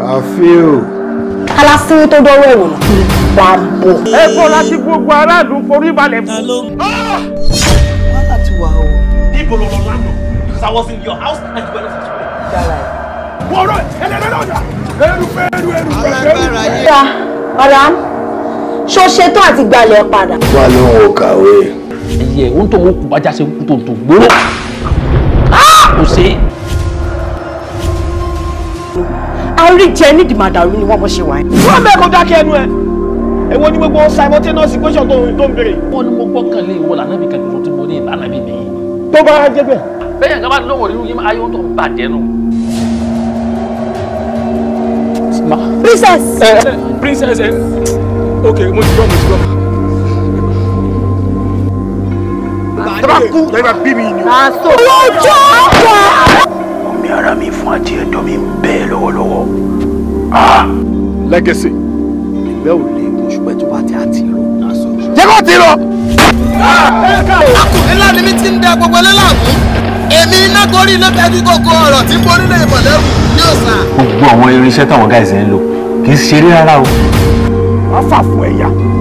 àfíò. to tó dọ́wọ́ ẹ̀wọ̀n kí wà á bọ̀. epo láti gbogbo aráàlú forí balẹ̀ fún. wàhálà ti wà o. níbo lọ lọ lánàá because I was in your house and you were not at home. yàrá ẹ̀. wọ́ọ̀rọ̀ ẹ̀lẹ́dẹ́ náà jà ẹrù fẹ́ ẹrù ẹrù fẹ́ ẹrù fẹ́. ọ̀rá ṣó ṣetán àti gbalẹ̀ padà. wà ló ń wo kàwé. ẹyẹ ohun tó ń wo kù bá jáse kú tó ń tó gbóró ah! kò sí àríjẹ nídìí màdàrú ni wọ́n bọ́ ṣe wà yẹn. wọ́n kó dákẹ́ ẹnu ẹ̀ èwo ni gbogbo simultaneous equation tó tó ń béèrè. wọ́n ní mo gbọ́kàn lé ìwọ lànà mi kẹ́kẹ́ fún tí mo ní ìlànà mi tó bá jẹ́ bẹ́ẹ̀. bẹ́ẹ̀ nǹkan bá lówó nínú yín ayé tó ń bàjẹ́ nù. princess. Eh, eh, princess eh. ok mo ti gbọ́ mo ti gbọ́. tọ́ba kú tọ́ba bí mi ni. àṣọ. owó ara mi fún àti ẹ̀dọ̀ mi bẹ́ẹ̀ lọ́wọ́lọ́wọ́. Ah! lẹ́gẹ̀sì. ìgbẹ́ ò lè mú ṣùgbọ́n tó bá ti àti rọ. jẹ́ kó ti rọ. akùnrin láti mi ti ń da gbogbo ilé láàbù èmi iná gorí ilé fẹ́ kí gbogbo ọ̀rọ̀ tí mo nílé ìmọ̀lẹ́rù yóò sà. gbogbo àwọn irinṣẹ́ táwọn gáìsì ń lò kì í ṣeré rárá o. wọ́n fà fún ẹ̀yà.